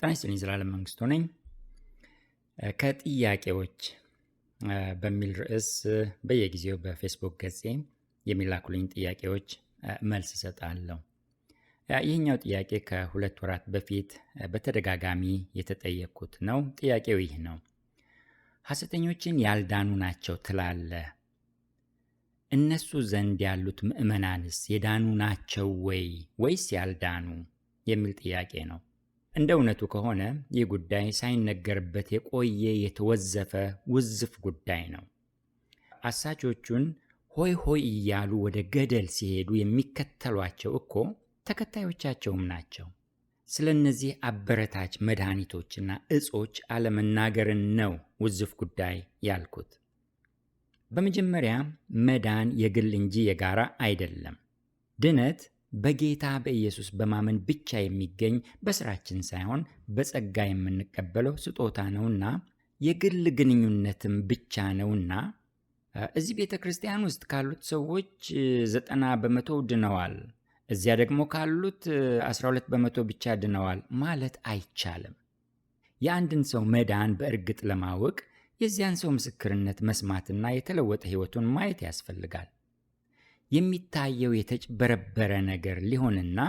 ጤና ይስጥልኝ። ዘላለም መንግስቱ ነኝ። ከጥያቄዎች በሚል ርዕስ በየጊዜው በፌስቡክ ገጼ የሚላኩልኝ ጥያቄዎች መልስ እሰጣለሁ። ይህኛው ጥያቄ ከሁለት ወራት በፊት በተደጋጋሚ የተጠየቅኩት ነው። ጥያቄው ይህ ነው። ሐሰተኞችን ያልዳኑ ናቸው ትላለህ። እነሱ ዘንድ ያሉት ምዕመናንስ የዳኑ ናቸው ወይ ወይስ ያልዳኑ የሚል ጥያቄ ነው። እንደ እውነቱ ከሆነ ይህ ጉዳይ ሳይነገርበት የቆየ የተወዘፈ ውዝፍ ጉዳይ ነው። አሳቾቹን ሆይ ሆይ እያሉ ወደ ገደል ሲሄዱ የሚከተሏቸው እኮ ተከታዮቻቸውም ናቸው። ስለ እነዚህ አበረታች መድኃኒቶችና እጾች አለመናገርን ነው ውዝፍ ጉዳይ ያልኩት። በመጀመሪያ መዳን የግል እንጂ የጋራ አይደለም። ድነት በጌታ በኢየሱስ በማመን ብቻ የሚገኝ በስራችን ሳይሆን በጸጋ የምንቀበለው ስጦታ ነውና የግል ግንኙነትም ብቻ ነውና እዚህ ቤተ ክርስቲያን ውስጥ ካሉት ሰዎች ዘጠና በመቶ ድነዋል፣ እዚያ ደግሞ ካሉት 12 በመቶ ብቻ ድነዋል ማለት አይቻልም። የአንድን ሰው መዳን በእርግጥ ለማወቅ የዚያን ሰው ምስክርነት መስማትና የተለወጠ ሕይወቱን ማየት ያስፈልጋል። የሚታየው የተጭበረበረ ነገር ሊሆንና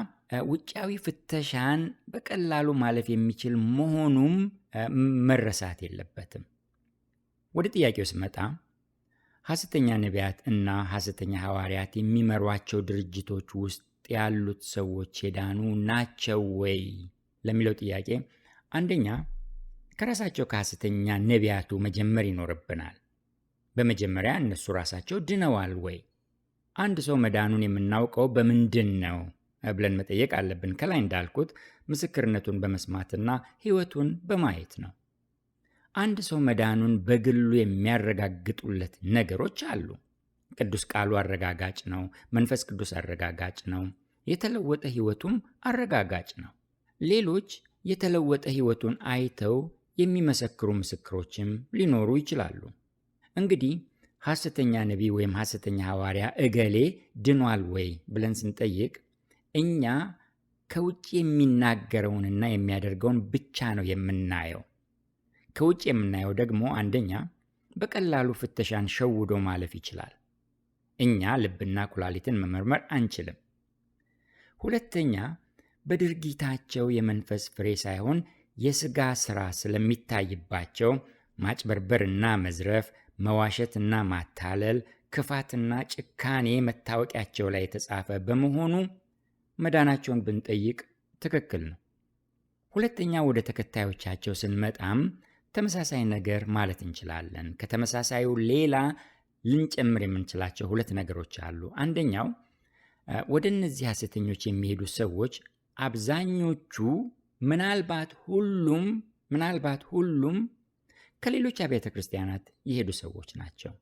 ውጫዊ ፍተሻን በቀላሉ ማለፍ የሚችል መሆኑም መረሳት የለበትም። ወደ ጥያቄው ስመጣ ሐሰተኛ ነቢያት እና ሐሰተኛ ሐዋርያት የሚመሯቸው ድርጅቶች ውስጥ ያሉት ሰዎች የዳኑ ናቸው ወይ ለሚለው ጥያቄ አንደኛ ከራሳቸው ከሐሰተኛ ነቢያቱ መጀመር ይኖርብናል። በመጀመሪያ እነሱ ራሳቸው ድነዋል ወይ? አንድ ሰው መዳኑን የምናውቀው በምንድን ነው ብለን መጠየቅ አለብን። ከላይ እንዳልኩት ምስክርነቱን በመስማትና ሕይወቱን በማየት ነው። አንድ ሰው መዳኑን በግሉ የሚያረጋግጡለት ነገሮች አሉ። ቅዱስ ቃሉ አረጋጋጭ ነው። መንፈስ ቅዱስ አረጋጋጭ ነው። የተለወጠ ሕይወቱም አረጋጋጭ ነው። ሌሎች የተለወጠ ሕይወቱን አይተው የሚመሰክሩ ምስክሮችም ሊኖሩ ይችላሉ። እንግዲህ ሐሰተኛ ነቢይ ወይም ሐሰተኛ ሐዋርያ እገሌ ድኗል ወይ ብለን ስንጠይቅ እኛ ከውጭ የሚናገረውንና የሚያደርገውን ብቻ ነው የምናየው። ከውጭ የምናየው ደግሞ አንደኛ በቀላሉ ፍተሻን ሸውዶ ማለፍ ይችላል። እኛ ልብና ኩላሊትን መመርመር አንችልም። ሁለተኛ በድርጊታቸው የመንፈስ ፍሬ ሳይሆን የሥጋ ሥራ ስለሚታይባቸው ማጭበርበርና መዝረፍ፣ መዋሸትና ማታለል፣ ክፋትና ጭካኔ መታወቂያቸው ላይ የተጻፈ በመሆኑ መዳናቸውን ብንጠይቅ ትክክል ነው። ሁለተኛ ወደ ተከታዮቻቸው ስንመጣም ተመሳሳይ ነገር ማለት እንችላለን። ከተመሳሳዩ ሌላ ልንጨምር የምንችላቸው ሁለት ነገሮች አሉ። አንደኛው ወደ እነዚህ ሐሰተኞች የሚሄዱ ሰዎች አብዛኞቹ ምናልባት ሁሉም ምናልባት ሁሉም ከሌሎች አብያተ ክርስቲያናት የሄዱ ሰዎች ናቸው።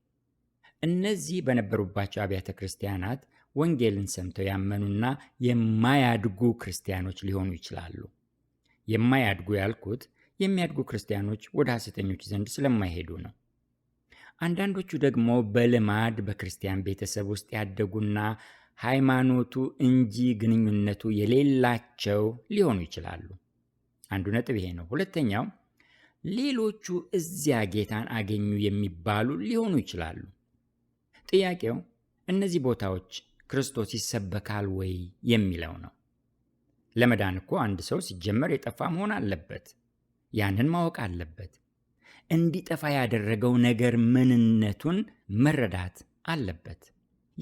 እነዚህ በነበሩባቸው አብያተ ክርስቲያናት ወንጌልን ሰምተው ያመኑና የማያድጉ ክርስቲያኖች ሊሆኑ ይችላሉ። የማያድጉ ያልኩት የሚያድጉ ክርስቲያኖች ወደ ሐሰተኞች ዘንድ ስለማይሄዱ ነው። አንዳንዶቹ ደግሞ በልማድ በክርስቲያን ቤተሰብ ውስጥ ያደጉና ሃይማኖቱ እንጂ ግንኙነቱ የሌላቸው ሊሆኑ ይችላሉ። አንዱ ነጥብ ይሄ ነው። ሁለተኛው ሌሎቹ እዚያ ጌታን አገኙ የሚባሉ ሊሆኑ ይችላሉ። ጥያቄው እነዚህ ቦታዎች ክርስቶስ ይሰበካል ወይ የሚለው ነው። ለመዳን እኮ አንድ ሰው ሲጀመር የጠፋ መሆን አለበት። ያንን ማወቅ አለበት። እንዲጠፋ ያደረገው ነገር ምንነቱን መረዳት አለበት።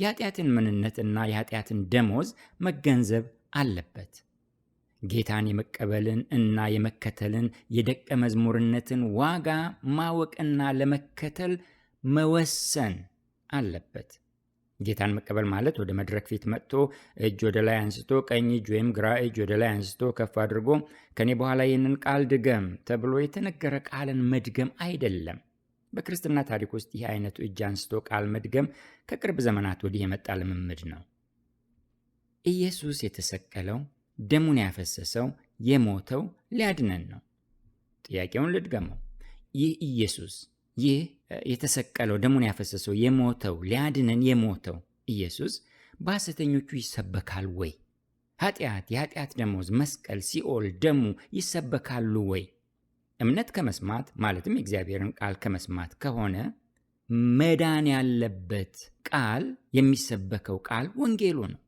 የኃጢአትን ምንነት እና የኃጢአትን ደሞዝ መገንዘብ አለበት። ጌታን የመቀበልን እና የመከተልን የደቀ መዝሙርነትን ዋጋ ማወቅና ለመከተል መወሰን አለበት። ጌታን መቀበል ማለት ወደ መድረክ ፊት መጥቶ እጅ ወደ ላይ አንስቶ ቀኝ እጅ ወይም ግራ እጅ ወደ ላይ አንስቶ ከፍ አድርጎ ከኔ በኋላ ይህንን ቃል ድገም ተብሎ የተነገረ ቃልን መድገም አይደለም። በክርስትና ታሪክ ውስጥ ይህ አይነቱ እጅ አንስቶ ቃል መድገም ከቅርብ ዘመናት ወዲህ የመጣ ልምምድ ነው። ኢየሱስ የተሰቀለው ደሙን ያፈሰሰው የሞተው ሊያድነን ነው። ጥያቄውን ልድገመው። ይህ ኢየሱስ ይህ የተሰቀለው ደሙን ያፈሰሰው የሞተው ሊያድነን የሞተው ኢየሱስ በሐሰተኞቹ ይሰበካል ወይ? ኃጢአት፣ የኃጢአት ደሞዝ መስቀል፣ ሲኦል፣ ደሙ ይሰበካሉ ወይ? እምነት ከመስማት ማለትም የእግዚአብሔርን ቃል ከመስማት ከሆነ መዳን ያለበት ቃል የሚሰበከው ቃል ወንጌሉ ነው።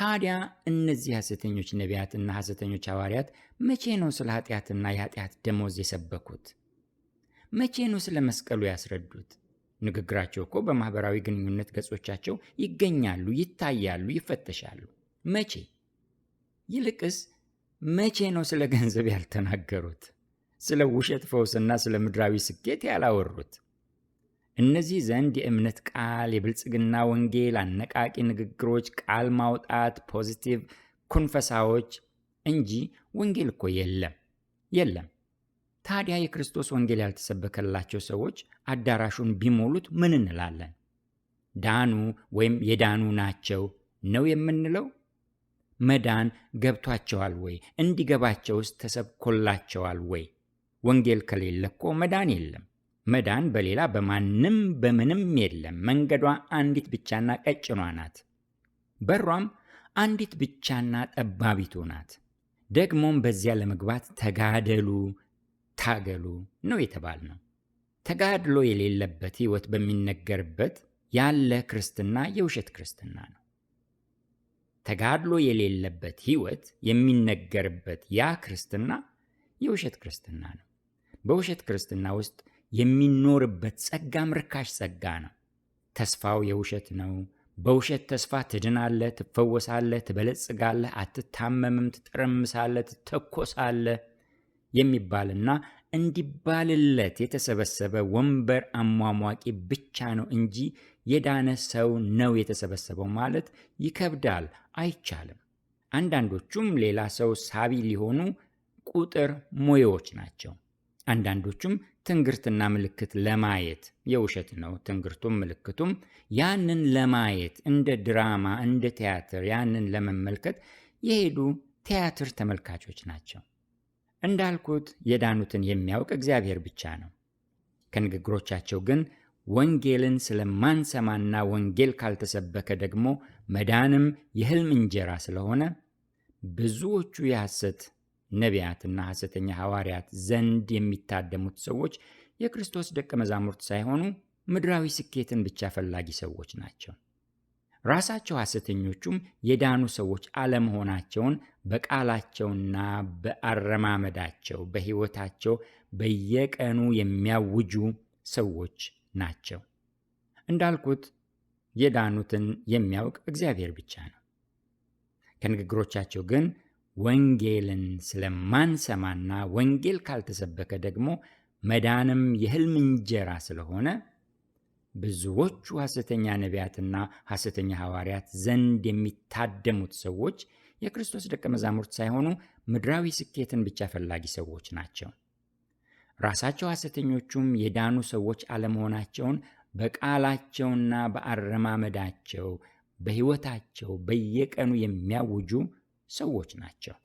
ታዲያ እነዚህ ሐሰተኞች ነቢያትና ሐሰተኞች ሐዋርያት መቼ ነው ስለ ኃጢአትና የኃጢአት ደሞዝ የሰበኩት? መቼ ነው ስለ መስቀሉ ያስረዱት? ንግግራቸው እኮ በማኅበራዊ ግንኙነት ገጾቻቸው ይገኛሉ፣ ይታያሉ፣ ይፈተሻሉ። መቼ? ይልቅስ መቼ ነው ስለ ገንዘብ ያልተናገሩት? ስለ ውሸት ፈውስና ስለ ምድራዊ ስኬት ያላወሩት? እነዚህ ዘንድ የእምነት ቃል፣ የብልጽግና ወንጌል፣ አነቃቂ ንግግሮች፣ ቃል ማውጣት፣ ፖዚቲቭ ኮንፈሳዎች እንጂ ወንጌል እኮ የለም የለም። ታዲያ የክርስቶስ ወንጌል ያልተሰበከላቸው ሰዎች አዳራሹን ቢሞሉት ምን እንላለን? ዳኑ ወይም የዳኑ ናቸው ነው የምንለው? መዳን ገብቷቸዋል ወይ? እንዲገባቸውስ ተሰብኮላቸዋል ወይ? ወንጌል ከሌለ እኮ መዳን የለም። መዳን በሌላ በማንም በምንም የለም። መንገዷ አንዲት ብቻና ቀጭኗ ናት። በሯም አንዲት ብቻና ጠባቢቱ ናት። ደግሞም በዚያ ለመግባት ተጋደሉ፣ ታገሉ ነው የተባል ነው። ተጋድሎ የሌለበት ሕይወት በሚነገርበት ያለ ክርስትና የውሸት ክርስትና ነው። ተጋድሎ የሌለበት ሕይወት የሚነገርበት ያ ክርስትና የውሸት ክርስትና ነው። በውሸት ክርስትና ውስጥ የሚኖርበት ጸጋም ርካሽ ጸጋ ነው። ተስፋው የውሸት ነው። በውሸት ተስፋ ትድናለህ፣ ትፈወሳለህ፣ ትበለጽጋለህ፣ አትታመምም፣ ትጠረምሳለህ፣ ትተኮሳለህ የሚባልና እንዲባልለት የተሰበሰበ ወንበር አሟሟቂ ብቻ ነው እንጂ የዳነ ሰው ነው የተሰበሰበው ማለት ይከብዳል፣ አይቻልም። አንዳንዶቹም ሌላ ሰው ሳቢ ሊሆኑ ቁጥር ሞዮዎች ናቸው። አንዳንዶቹም ትንግርትና ምልክት ለማየት የውሸት ነው ትንግርቱም ምልክቱም ያንን ለማየት እንደ ድራማ እንደ ቲያትር ያንን ለመመልከት የሄዱ ቲያትር ተመልካቾች ናቸው። እንዳልኩት የዳኑትን የሚያውቅ እግዚአብሔር ብቻ ነው። ከንግግሮቻቸው ግን ወንጌልን ስለማንሰማና ወንጌል ካልተሰበከ ደግሞ መዳንም የሕልም እንጀራ ስለሆነ ብዙዎቹ የሐሰት ነቢያትና ሐሰተኛ ሐዋርያት ዘንድ የሚታደሙት ሰዎች የክርስቶስ ደቀ መዛሙርት ሳይሆኑ ምድራዊ ስኬትን ብቻ ፈላጊ ሰዎች ናቸው። ራሳቸው ሐሰተኞቹም የዳኑ ሰዎች አለመሆናቸውን በቃላቸውና በአረማመዳቸው በሕይወታቸው በየቀኑ የሚያውጁ ሰዎች ናቸው። እንዳልኩት የዳኑትን የሚያውቅ እግዚአብሔር ብቻ ነው። ከንግግሮቻቸው ግን ወንጌልን ስለማንሰማና ወንጌል ካልተሰበከ ደግሞ መዳንም የሕልም እንጀራ ስለሆነ ብዙዎቹ ሐሰተኛ ነቢያትና ሐሰተኛ ሐዋርያት ዘንድ የሚታደሙት ሰዎች የክርስቶስ ደቀ መዛሙርት ሳይሆኑ ምድራዊ ስኬትን ብቻ ፈላጊ ሰዎች ናቸው። ራሳቸው ሐሰተኞቹም የዳኑ ሰዎች አለመሆናቸውን በቃላቸውና በአረማመዳቸው በሕይወታቸው በየቀኑ የሚያውጁ ሰዎች ናቸው።